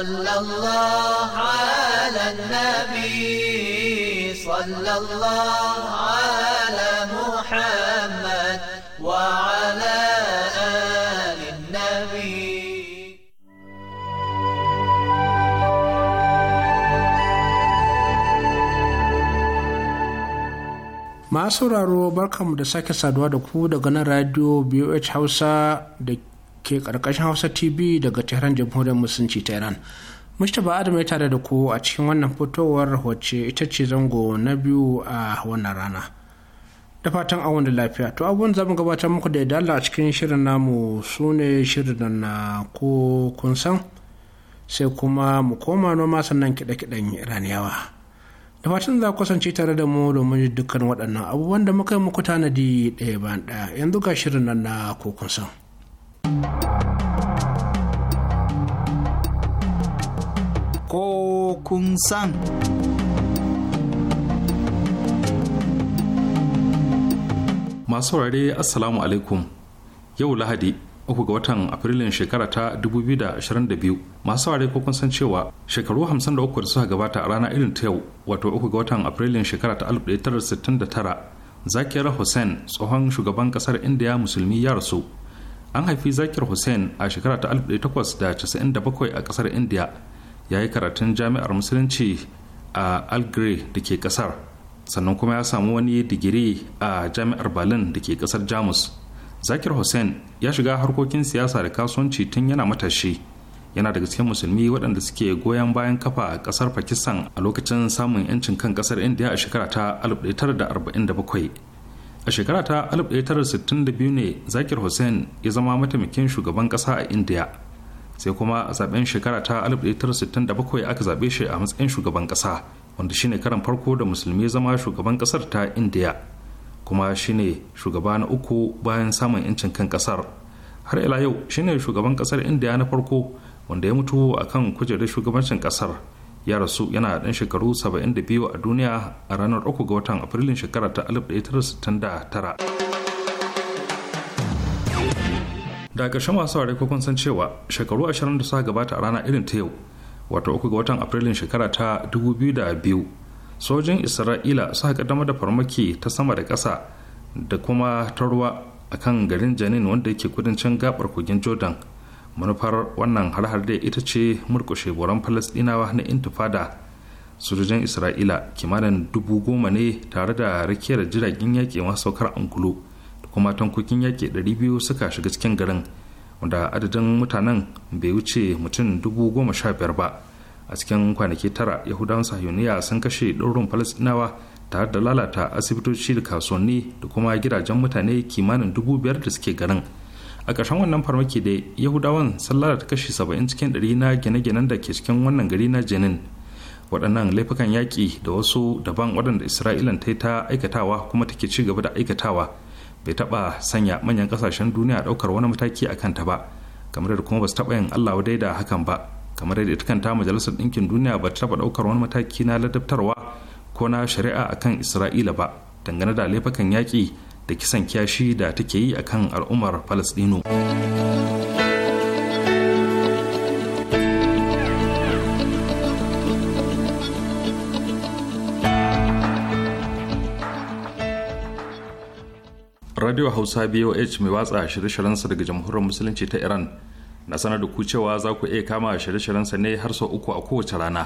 صلى الله على النبي صلى الله على محمد وعلى masu sauraro barkamu da sake saduwa da ku daga nan radio BOH Hausa da ke karkashin hausa tv daga tehran jamhuriyar musulunci ta iran mustapha adam ya tare da ku a cikin wannan fitowar wacce ita ce zango na biyu a wannan rana da fatan awon da lafiya to abubuwan zamu gabatar muku da dala a cikin shirin namu su ne shirin na ko kun san sai kuma mu koma noma sannan kiɗe-kiɗen iraniyawa da fatan za kusance tare da mu domin dukkan waɗannan abubuwan da muka yi muku tanadi ɗaya bayan ɗaya yanzu ga shirin nan na ko kun san. Ko kun san. Masu saurare Assalamu alaikum yau Lahadi uku ga watan Afrilun shekara ta 2022 masu saurare ko kun san cewa shekaru 53 da suka gabata a rana irin ta yau wato uku ga watan Afrilun shekara ta 1969 Zakiyar Hussain tsohon shugaban kasar Indiya musulmi ya rasu an haifi zakir hussein a shekara ta 1897 a kasar india ya yi karatun jami'ar musulunci a algeria da ke kasar sannan kuma ya samu wani digiri a jami'ar berlin da ke kasar jamus zakir hussein ya shiga harkokin siyasa da kasuwanci tun yana matashi yana daga cikin musulmi waɗanda suke goyon bayan kafa a ƙasar pakistan a lokacin samun 'yancin kan ƙasar india a shekara ta 1947 a shekara ta 1962 ne zakir hussein ya zama mataimakin shugaban kasa a india sai kuma a zaben shekara ta 1967 aka zaɓe shi a matsayin shugaban kasa wanda shine karan farko da musulmi zama shugaban kasar ta india kuma shine shugaba na uku bayan samun 'yancin kan kasar har ila yau shine shugaban kasar india na farko wanda ya mutu akan kujerar shugabancin kasar ya rasu yana ɗan shekaru 72 a duniya a ranar 3 ga watan afrilun shekara ta 1969 da ƙarshen masu ware kun san cewa shekaru 20 da suka gabata a rana irin ta yau wato 3 ga watan afrilun shekara ta 2002 sojin isra'ila suka kaddamar da farmaki ta sama da ƙasa da kuma ta ruwa akan garin janin wanda yake kudancin gabar kogin jordan manufar wannan har-har dai ita ce murkushe boran falasdinawa na intifada sojojin isra'ila kimanin dubu goma ne tare da rakiyar jiragen yaƙi masu saukar angulo da kuma tankokin yaƙi 200 suka shiga cikin garin wanda adadin mutanen bai wuce mutum dubu goma sha biyar ba a cikin kwanaki tara yahudawan sahiyoniya sun kashe ɗaurin falasɗinawa tare da lalata asibitoci da kasuwanni da kuma gidajen mutane kimanin dubu biyar da suke garin a ƙarshen wannan farmaki da yahudawan sun lalata kashi 70 cikin 100 na gine-ginen da ke cikin wannan gari na jenin waɗannan laifukan yaƙi da wasu daban waɗanda isra'ilan ta yi ta aikatawa kuma take ci gaba da aikatawa bai taɓa sanya manyan ƙasashen duniya ɗaukar wani mataki a kanta ba kamar da kuma ba su taɓa yin allah wadai da hakan ba kamar da ita kanta majalisar ɗinkin duniya ba ta taɓa ɗaukar wani mataki na ladabtarwa ko na shari'a akan isra'ila ba dangane da laifukan yaƙi da kisan kyashi da take yi a kan al'ummar falasdino radio hausa boh mai watsa shirye-shiryensa daga jamhuriyar musulunci ta iran na sanar da ku cewa za ku iya kama shirye-shiryensa ne har sau uku a kowace rana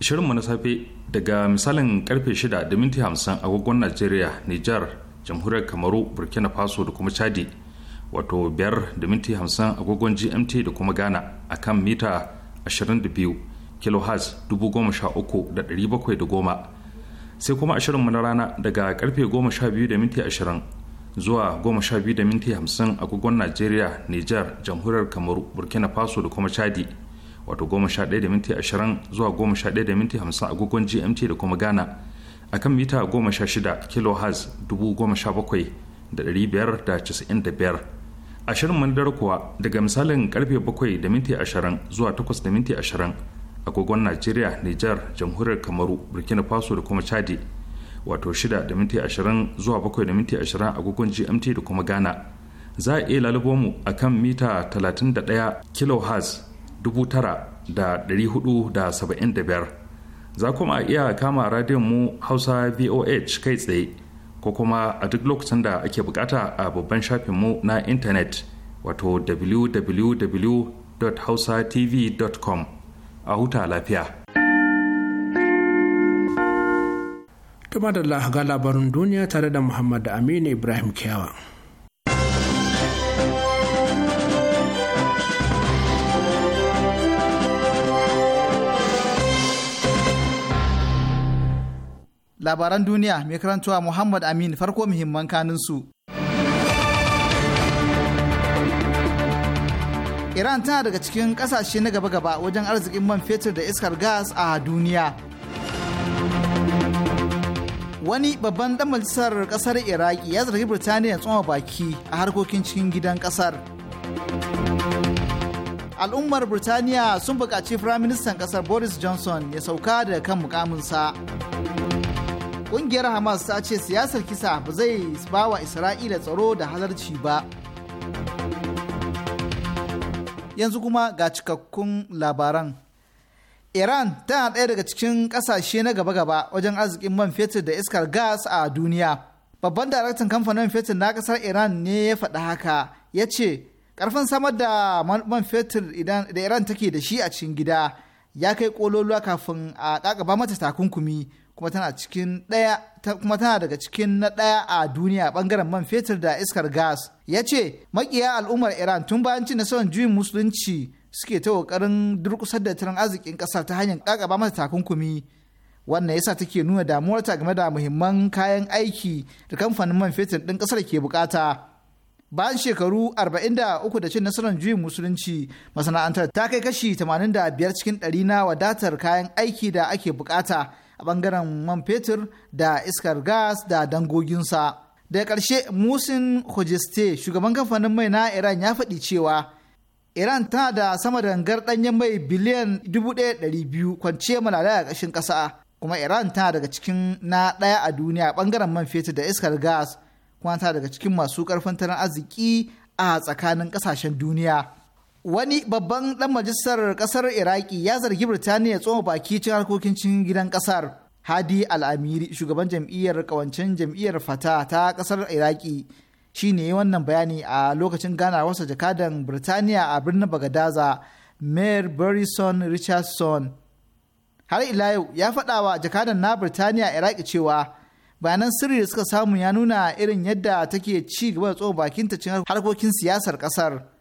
shirinmu na safe daga misalin karfe 6 da minti 50 agogon najeriya nijar jamhuriyar kamaru burkina faso da kuma chadi wato 5 da minti 50 agogon gmt da kuma ghana a kan mita 22 kilohertz 13710 sai kuma ashirinmu na rana daga karfe 12 da minti 20 zuwa 12 da minti 50 agogon nigeria niger jamhuriyar kamaru burkina faso da kuma chadi wato 11 da minti 20 zuwa 11 da minti 50 agogon gmt da kuma ghana a kan mita 16 kHz 17,595. A shirin mandar kuwa daga misalin karfe 7 da minti 20 zuwa 8 da minti 20 agogon Najeriya, Nijar, Jamhuriyar Kamaru, Burkina Faso da kuma Chadi. Wato 6 da minti 20 zuwa 7 da minti 20 agogon GMT da kuma Ghana. Za a iya lalubo mu a kan mita 31 kHz 9,475. za kuma a iya kama radiyon mu hausa voh kai tsaye ko kuma a duk lokacin da ake bukata a babban mu na intanet wato www.hausatv.com a huta lafiya. Tuma da labarin duniya tare da Muhammadu Aminu Ibrahim Kiyawa. labaran duniya mai karantuwa Muhammad Amin farko muhimman kanin su. Iran tana daga cikin kasashe na gaba-gaba wajen arzikin man fetur da iskar gas a duniya. Wani babban dan majalisar kasar Iraki ya zargi Birtaniya tsoma baki a harkokin cikin gidan kasar. Al'ummar Birtaniya sun buƙaci Firaministan ƙasar Boris Johnson ya sauka daga kan mukaminsa. kungiyar hamas ta ce siyasar kisa ba zai ba wa isra'ila tsaro da halarci ba yanzu kuma ga cikakkun labaran iran tana ɗaya daga cikin ƙasashe na gaba-gaba wajen arzikin man fetur da iskar gas a duniya babban daraktan kamfanin fetur na ƙasar iran ne ya faɗi haka ya ce ƙarfin samar da man fetur da iran take da shi a cikin gida ya kai ƙololuwa kafin a ƙaƙaba mata takunkumi kuma tana cikin ta kuma tana daga cikin na ɗaya a duniya bangaren man fetur da iskar gas ya ce makiya al'ummar iran tun bayan cin nasarar juyin musulunci suke ta kokarin durkusar da tattalin arzikin ƙasar ta hanyar ba mata takunkumi wannan yasa take nuna damuwar damuwarta game da muhimman kayan aiki da kamfanin man fetur ɗin kasar ke bukata. bayan shekaru 43 da cin nasarar juyin musulunci masana'antar ta kai kashi 85 cikin ɗari na wadatar kayan aiki da ake bukata a bangaren man fetur da iskar gas da dangoginsa. Daga ƙarshe Musin hojiste shugaban kamfanin mai na Iran ya faɗi cewa Iran tana da sama da gangar ɗanyen mai biliyan 1,200 kwanciya malala a ƙashin ƙasa kuma Iran tana daga cikin na ɗaya a duniya bangaren man fetur da iskar gas kuma tana daga cikin masu ƙarfin tattalin arziki a tsakanin ƙasashen duniya. wani babban ɗan majistar ƙasar iraki ya zargi birtaniya tsoma baki cikin harkokin cikin gidan kasar hadi al'amiri shugaban jam'iyyar kawancin jam'iyyar fata ta ƙasar iraki shine wannan bayani a lokacin ganawarsa jakadan birtaniya a birnin bagadaza mayor burison richardson har ila yau ya faɗa wa jakadan na birtaniya iraki cewa bayanan sirri da suka samu ya nuna irin yadda take ci gaba da tsoma bakinta cikin harkokin siyasar ƙasar.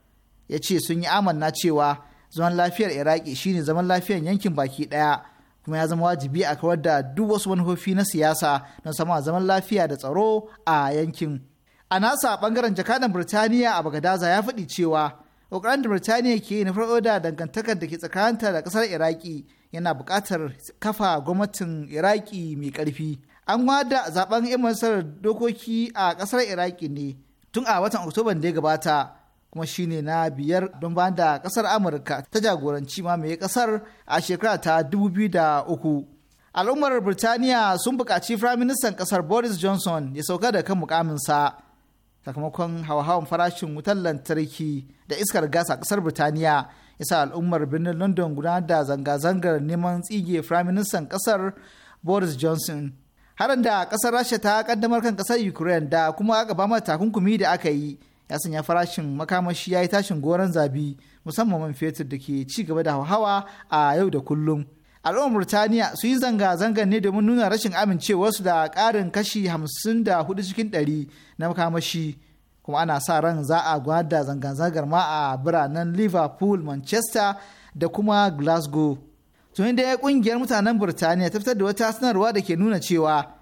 ya ce sun yi amanna cewa zaman lafiyar iraki shine zaman lafiyar yankin baki ɗaya kuma ya zama wajibi a kawar da duk wasu manufofi na siyasa don sama zaman lafiya da tsaro a yankin a nasa bangaren jakadan birtaniya a bagadaza ya faɗi cewa ƙoƙarin da birtaniya ke yi na farko da dangantakar da ke tsakaninta da ƙasar iraki yana buƙatar kafa gwamnatin iraki mai ƙarfi an wada zaben yan dokoki a ƙasar iraki ne tun a watan oktoban da ya gabata kuma shine na biyar don ba da kasar amurka ta jagoranci mamaye kasar a shekara ta 2003 al'ummar birtaniya sun buƙaci firaministan kasar boris johnson ya sauka da kan mukaminsa sakamakon hauhawan farashin wutar lantarki da iskar gas a kasar birtaniya ya sa al'ummar birnin london gudanar da zanga-zangar neman tsige firaministan kasar boris johnson harin da kasar rasha ta kaddamar kan kasar ukraine da kuma aka ba mata takunkumi da aka yi ya sanya farashin makamashi ya yi tashin goron zabi musamman man fetur da ke ci gaba da hawa a yau da kullum. Al'ummar burtaniya su yi zanga-zangar ne domin nuna rashin amincewarsu da ƙarin kashi hamsin da hudu cikin ɗari na makamashi. Kuma ana sa ran za a gwada zanga-zangar ma a biranen Liverpool, Manchester da kuma Glasgow. Tunin da ƙungiyar mutanen Burtaniya ta fitar da wata sanarwa da ke nuna cewa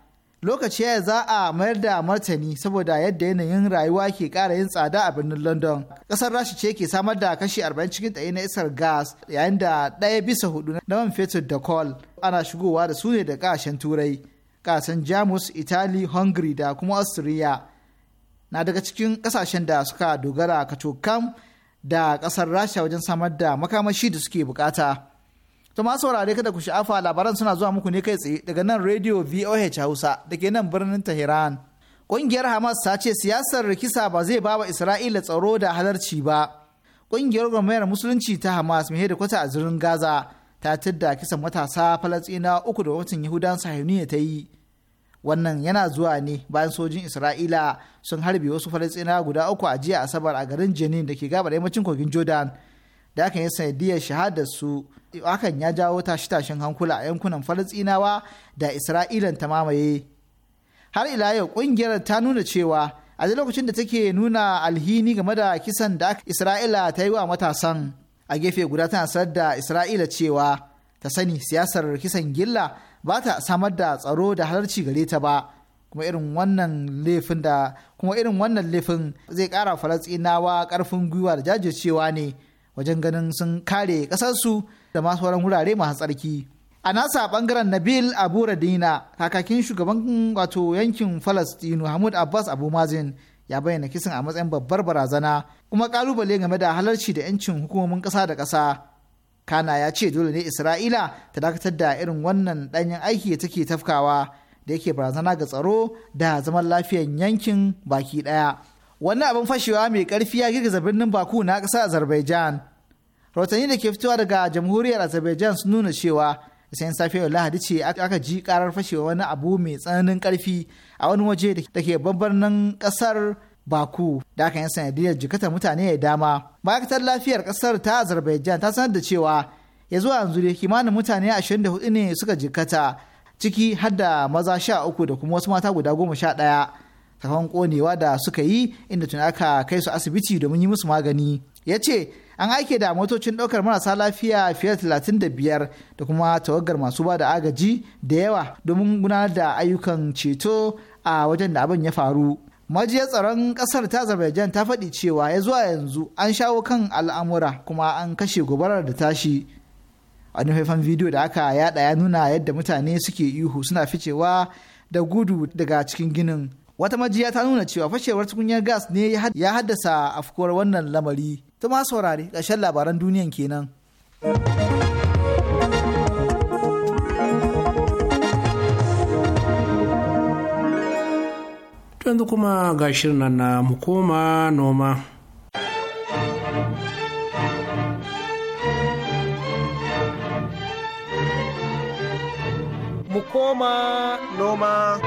lokaci ya za a mayar da martani saboda yadda yanayin rayuwa ke kara yin tsada a birnin london ƙasar rashi ce ke samar da kashi 40 cikin ɗaya na isar gas yayin da ɗaya bisa hudu na man fetur da coal ana shigowa da su ne da kashen turai ƙasan jamus italy hungary da kuma austria na daga cikin ƙasashen da suka dogara kam da ƙasar rasha wajen samar da makamashi da suke bukata. To ma saurare kada ku sha'afa labaran suna zuwa muku ne kai tsaye daga nan Radio VOH Hausa da ke nan birnin Tehran. Ƙungiyar Hamas ta ce siyasar rikisa ba zai ba wa Isra'ila tsaro da halarci ba. Ƙungiyar gwamnatin musulunci ta Hamas mai da kwata a zirin Gaza ta tadda kisan matasa falasɗina uku da watan Yahudan Sahiniya ta yi. Wannan yana zuwa ne bayan sojin Isra'ila sun harbe wasu Falastina guda uku a jiya Asabar a garin Jenin da ke gabar yammacin kogin Jordan. Da yi yi sanadiyar shahadar su hakan ya jawo tashi tashen hankula a yankunan falasɗinawa da isra'ilan ta mamaye har ila yau ƙungiyar ta nuna cewa a lokacin da take nuna alhini game da kisan da isra'ila ta yi wa matasan a gefe guda tana sanar da isra'ila cewa ta sani siyasar kisan gilla ba ta samar da tsaro da halarci gare ta ba kuma irin wannan laifin da kuma irin wannan laifin zai kara falasinawa karfin gwiwa da jajircewa ne wajen ganin sun kare kasarsu da ma sauran wurare masu tsarki. A nasa bangaren Nabil Abu Radina kakakin shugaban wato yankin Falastinu Hamud Abbas Abu Mazin ya bayyana kisan a matsayin babbar barazana kuma kalubale game da halarci da 'yancin hukumomin ƙasa da ƙasa. Kana ya ce dole ne Isra'ila ta dakatar da irin wannan ɗanyen aiki da take tafkawa da yake barazana ga tsaro da zaman lafiyar yankin baki ɗaya. Wannan abin fashewa mai ƙarfi ya girgiza birnin Baku na ƙasar Azerbaijan rahotanni da ke fitowa daga jamhuriyar azerbaijan sun nuna cewa sayan yau lahadi ce aka ji karar fashewa wani abu mai tsananin karfi a wani waje da ke nan kasar baku da aka yi sanadiyar jikata mutane ya dama ma'aikatar lafiyar kasar ta azerbaijan ta sanar da cewa ya zuwa yanzu da kimanin mutane ashirin hudu ne suka jikata ciki har da maza sha uku da kuma wasu mata guda goma sha ɗaya sakamakon konewa da suka yi inda tun aka kai su asibiti domin yi musu magani ya ce an aike da motocin ɗaukar marasa lafiya fiye da talatin da biyar da kuma tawagar masu ba da agaji da yawa domin gudanar da ayyukan ceto a wajen da abin ya faru majiyar tsaron ƙasar ta azerbaijan ta faɗi cewa ya zuwa yanzu an shawo kan al'amura kuma an kashe gobarar da tashi wani faifan bidiyo da aka yada ya nuna yadda mutane suke ihu suna ficewa da gudu daga cikin ginin wata majiya ta nuna cewa fashewar tukunyar gas ne ya haddasa afkuwar wannan lamari To ma saurari ƙarshen labaran duniyan kenan. yanzu kuma ga shirin nan na mukoma noma. Mukoma noma.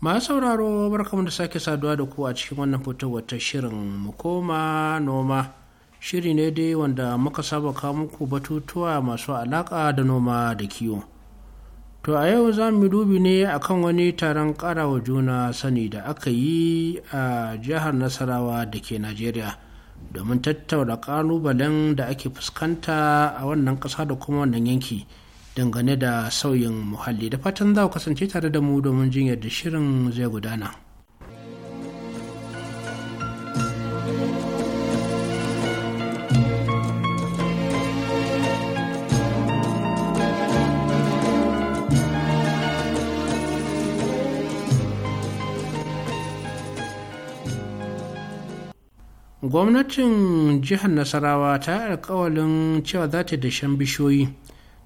masu sauraro barkamu da sake saduwa da ku a cikin wannan fitowar ta shirin mu koma noma shiri ne dai wanda muka saba kawo muku batutuwa masu alaka da noma da kiwo to a yau za mu dubi ne akan wani taron karawa juna sani da aka yi a jihar nasarawa da ke najeriya domin tattauna kalubalen da ake fuskanta a wannan ƙasa da kuma wannan yanki. dangane da sauyin muhalli da fatan za ku kasance tare da mu domin jin yadda shirin zai gudana. gwamnatin jihar nasarawa ta alkawalin cewa za ta dashen bishiyoyi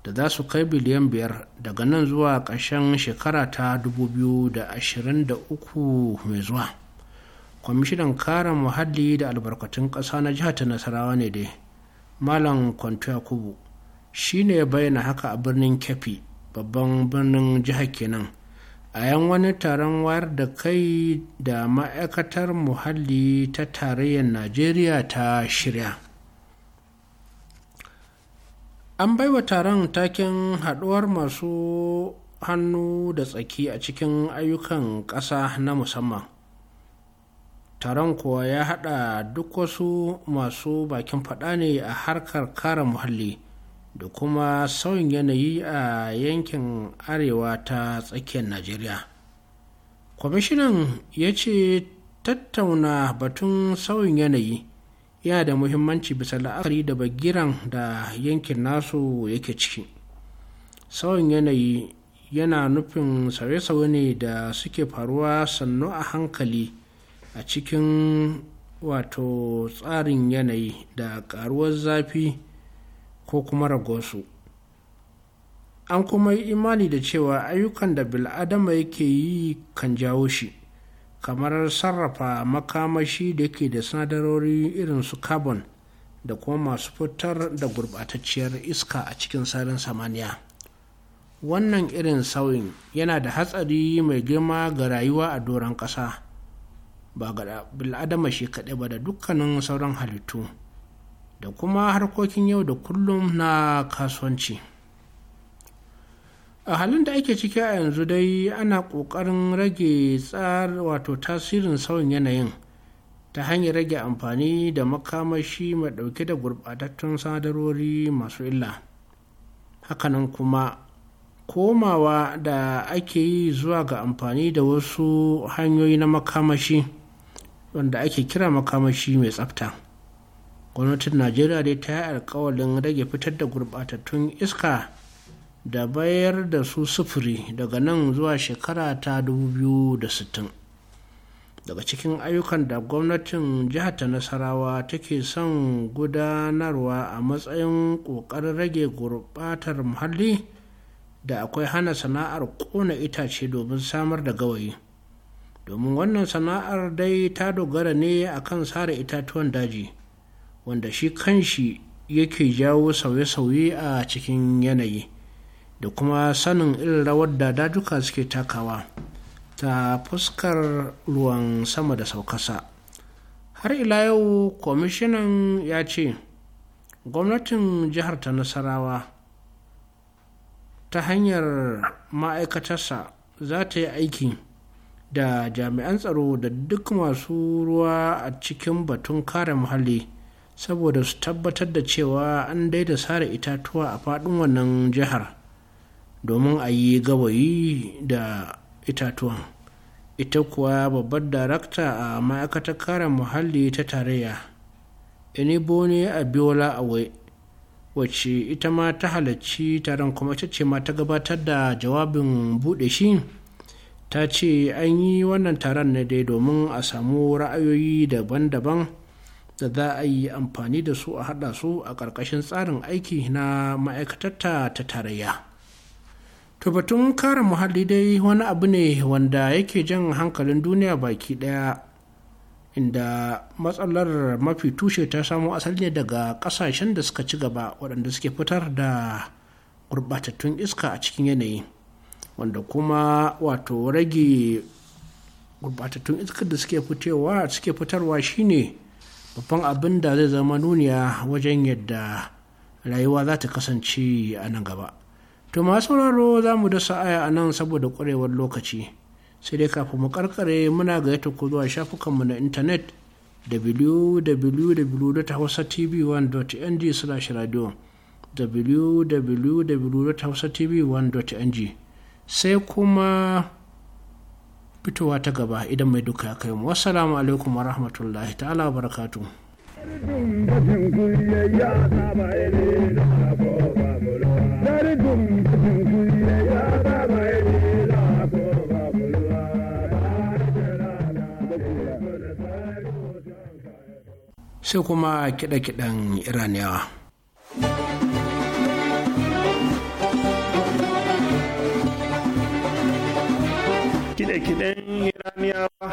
da za su kai biliyan biyar daga nan zuwa ƙarshen shekara ta 2023 mai zuwa kwamishinan kare muhalli da albarkatun ƙasa na jihar ta nasarawa ne dai malam kwanto yakubu shi ne bayyana haka a birnin kefi babban birnin jihar kenan a yan wani taron wayar da kai da ma'aikatar muhalli ta tarayyar najeriya ta shirya an baiwa taron takin haɗuwar masu hannu da tsaki a cikin ayyukan ƙasa na musamman taron kuwa ya haɗa duk wasu masu bakin faɗa ne a harkar kare muhalli da kuma sauyin yanayi a yankin arewa ta tsakiyar najeriya kwamishinan ya ce tattauna batun sauyin yanayi yana da muhimmanci bisa la'akari da bagiran da yankin nasu yake ciki sauyin yanayi yana nufin sauye-sauye ne da suke faruwa sannu a hankali a cikin wato tsarin yanayi da karuwar zafi ko kuma ragosu an kuma yi imani da cewa ayyukan da bil'adama yake yi kan jawo shi kamar sarrafa makamashi da ke da sinadarori irin su carbon da kuma masu fitar da gurbatacciyar iska a cikin sararin samaniya wannan irin sauyin yana da hatsari mai girma ga rayuwa a doron ƙasa ba ga bil'adama shi kaɗai ba da dukkanin sauran halittu da kuma harkokin yau da kullum na kasuwanci. a halin da ake ciki a yanzu dai ana ƙoƙarin rage tsar wato tasirin sauyin yanayin ta hanyar rage amfani da makamashi mai ɗauke da gurɓatattun sadarori masu illa hakanan kuma komawa da ake yi zuwa ga amfani da wasu hanyoyi na makamashi wanda ake kira makamashi mai tsafta gwamnatin najeriya dai ta yi alkawalin rage fitar da gurɓatattun iska da bayar da su sufuri daga nan zuwa shekara ta 2060 daga cikin ayyukan da gwamnatin jihar ta nasarawa take son gudanarwa a matsayin ƙoƙarin rage gurɓatar muhalli da akwai hana sana'ar ƙona itace domin samar da gawayi domin wannan sana'ar dai ta dogara ne akan sare itatuwan daji wanda shi kanshi yake jawo sauye-sauye a cikin yanayi. da kuma sanin irin rawar da dajuka suke takawa ta fuskar ruwan sama da saukasa har ila yau kwamishinan ya ce gwamnatin jihar ta nasarawa ta hanyar ma'aikatarsa za ta yi aiki da jami'an tsaro da duk masu ruwa a cikin batun kare muhalli saboda su tabbatar da cewa an daida sare itatuwa a faɗin wannan jihar domin a yi gawayi da itatuwan ita kuwa babbar darakta a ma'aikatar kare muhalli ta tarayya a biola awe wacce ita ma ta halarci taron kuma ita ce ma ta gabatar da jawabin buɗe shi ta ce an yi wannan taron ne dai domin a samu ra'ayoyi daban-daban da za a yi amfani da su a haɗa su a ƙarƙashin tsarin aiki na ma'aikatar ta tarayya. to batun kare muhalli dai wani abu ne wanda yake jan hankalin duniya baki daya inda matsalar mafi tushe ta samo asali ne daga kasashen da suka ci gaba waɗanda suke fitar da gurɓatattun iska a cikin yanayi wanda kuma wato rage gurɓatattun iska da suke fitowa suke fitarwa shine babban abin da zai zama nuniya wajen yadda rayuwa za ta kasance a nan gaba To masu sauraro za mu dasa aya a nan saboda ƙwarewar lokaci. Sai dai kafin mu karkare muna ga yata ku zuwa shafukanmu na intanet www.hausatv1.ng/radio www.hausatv1.ng sai kuma fitowa ta gaba idan mai duka ya kai mu. Wassalamu alaikum wa rahmatullahi ta'ala wa barakatuhu. sai kuma kiɗe-kiɗen iraniyawa kiɗa-kiɗan iraniyawa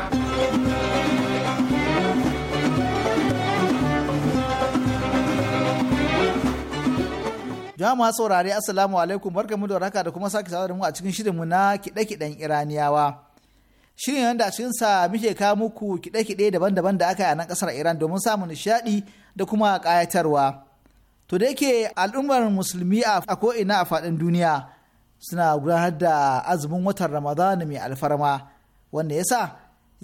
jama'a saurari assalamu alaikum barkamu da raka da kuma sake sauran mu a cikin shirinmu na kiɗe-kiɗen iraniyawa Shirin yanda a cikinsa muke ka muku kiɗe-kiɗe daban-daban da aka yi a nan ƙasar Iran domin samun nishadi da kuma kayatarwa To da yake al'ummar musulmi a ko'ina a faɗin duniya suna gudanar da azumin watan ramadan mai alfarma wanda ya sa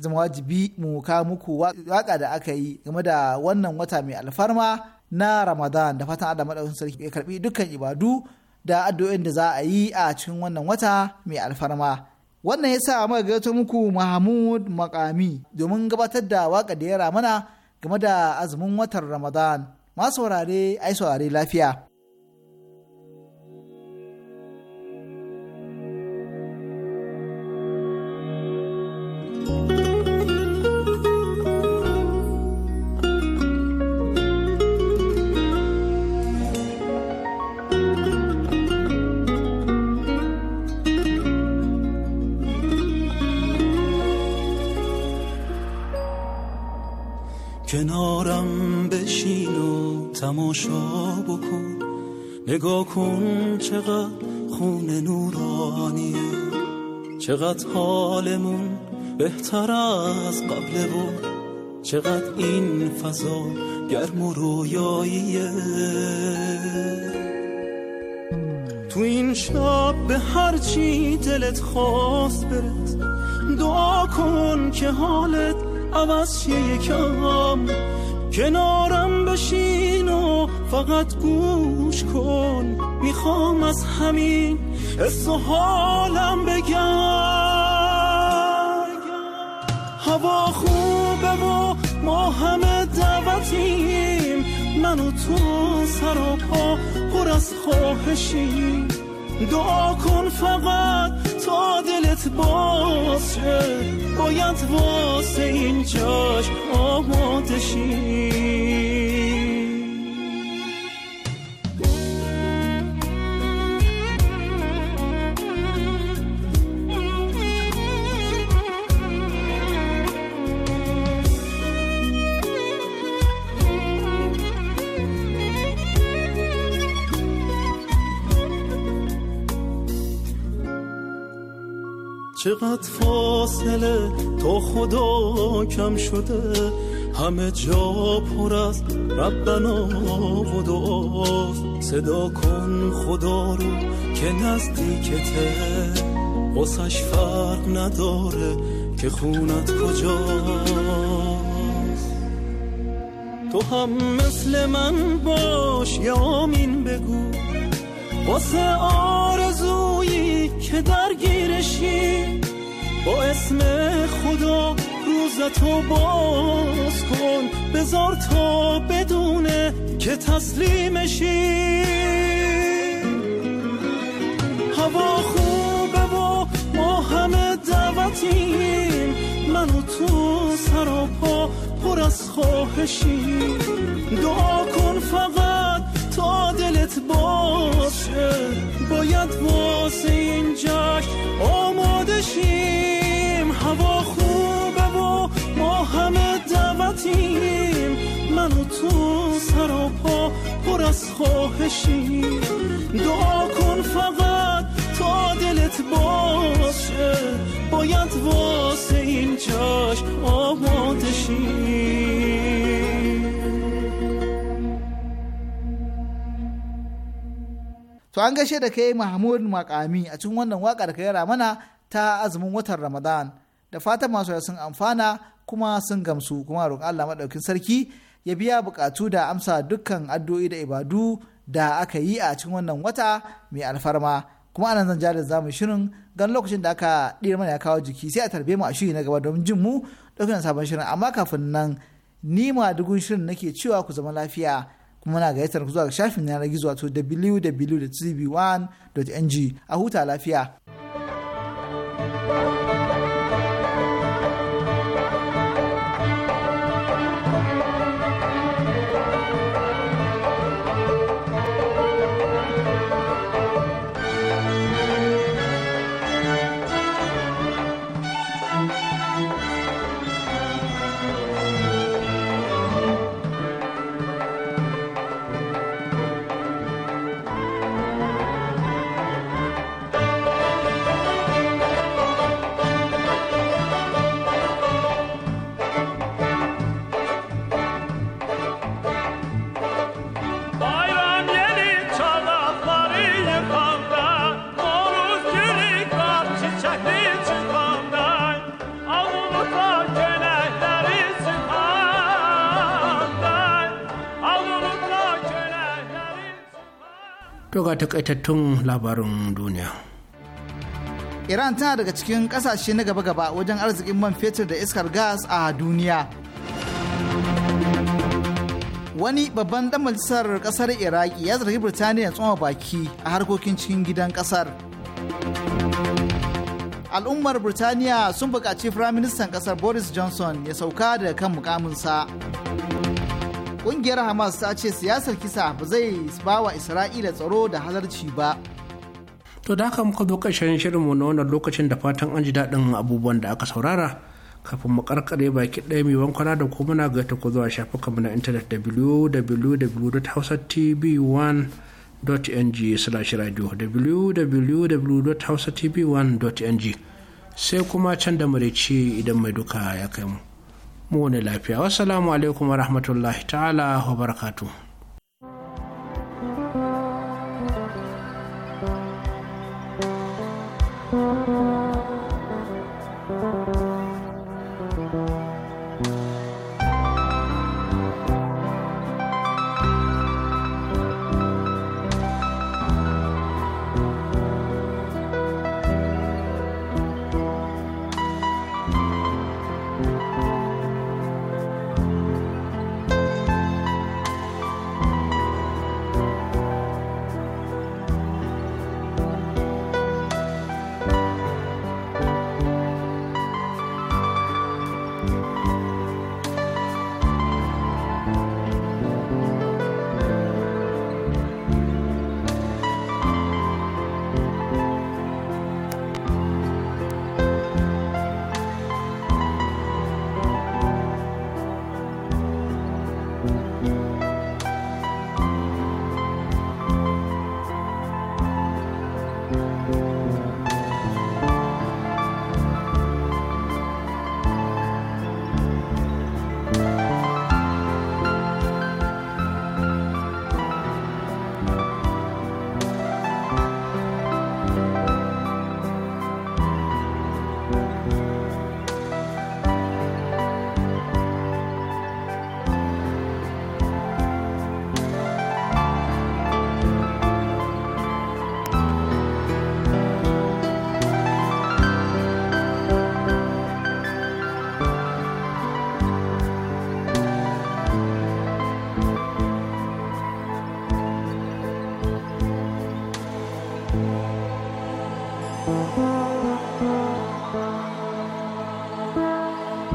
zama wajibi mu ka muku waka da aka yi game da wannan wata mai alfarma na Ramadan da fatan Adam madaukakin sarki ya karbi dukkan ibadu da addu'o'in da za a yi a cikin wannan wata mai alfarma. wannan ya sa muka gato muku mahmud makami domin gabatar da waka da ya ramana game da azumin watan ramadan masu saurare ai saurare lafiya کن چقدر خون نورانی، چقدر حالمون بهتر از قبل بود چقدر این فضا گرم و رویاییه تو این شب به هر چی دلت خواست برد دعا کن که حالت عوض شه یکم کنارم بشین و فقط گوش کن میخوام از همین حس حالم بگم هوا خوبه و ما همه دعوتیم من و تو سر و پا پر از خواهشیم دعا کن فقط تا دلت باشه باید واسه این جاش آماده چقدر فاصله تا خدا کم شده همه جا پر از ربنا و دعا صدا کن خدا رو که نزدیکته واسش فرق نداره که خونت کجاست تو هم مثل من باش یا آمین بگو واسه آمین که درگیرشی با اسم خدا روزتو باز کن بذار تا بدونه که تسلیمشی هوا خوبه و ما همه دعوتیم من و تو سر و پا پر از خواهشی دعا کن فقط تا دلت باید واسه این جشن آماده شیم هوا خوبه و ما همه دعوتیم منو و تو سر و پا پر از خواهشیم دعا کن فقط تا دلت باشه باید واسه این جشن آماده شیم To an gaishe da kai Mahmud Makami a cikin wannan waka da ka yara mana ta azumin watan Ramadan. Da fatan masu sun amfana kuma sun gamsu kuma roƙi Allah maɗaukin sarki ya biya buƙatu da amsa dukkan addu'o'i da ibadu da aka yi a cikin wannan wata mai alfarma. Kuma anan zan jarin zamu shirin gan lokacin da aka ɗira mana ya kawo jiki sai a tarbe mu a shiri na gaba domin jin mu ɗaukin sabon shirin amma kafin nan ni ma dugun shirin nake cewa ku zama lafiya. kuma na gayyatar zuwa shafin yanar gizo wato www.tv1.ng a huta lafiya. takaitattun labarin duniya. Iran tana daga cikin kasashe na gaba-gaba wajen arzikin man fetur da iskar gas a duniya. Wani babban dan majalisar kasar Iraki ya zargi Birtaniya tsoma baki a harkokin cikin gidan kasar. Al'ummar Birtaniya sun buƙaci Firaministan ƙasar Boris Johnson ya sauka daga kan mukaminsa. Ƙungiyar Hamas ta ce siyasar kisa ba zai ba wa Isra'ila tsaro da halarci ba. To da haka muka zo karshen shirinmu na wannan lokacin da fatan an ji daɗin abubuwan da aka saurara. Kafin mu karkare baki ɗaya mai wankwana da kuma na gaita ku zuwa shafukanmu na intanet www.hausatv1.ng slash radio www.hausatv1.ng sai kuma can da marici idan mai duka ya kai mu. mu wani lafiya wassalamu alaikum wa rahmatullahi ta'ala wa barakatuh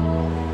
Thank you.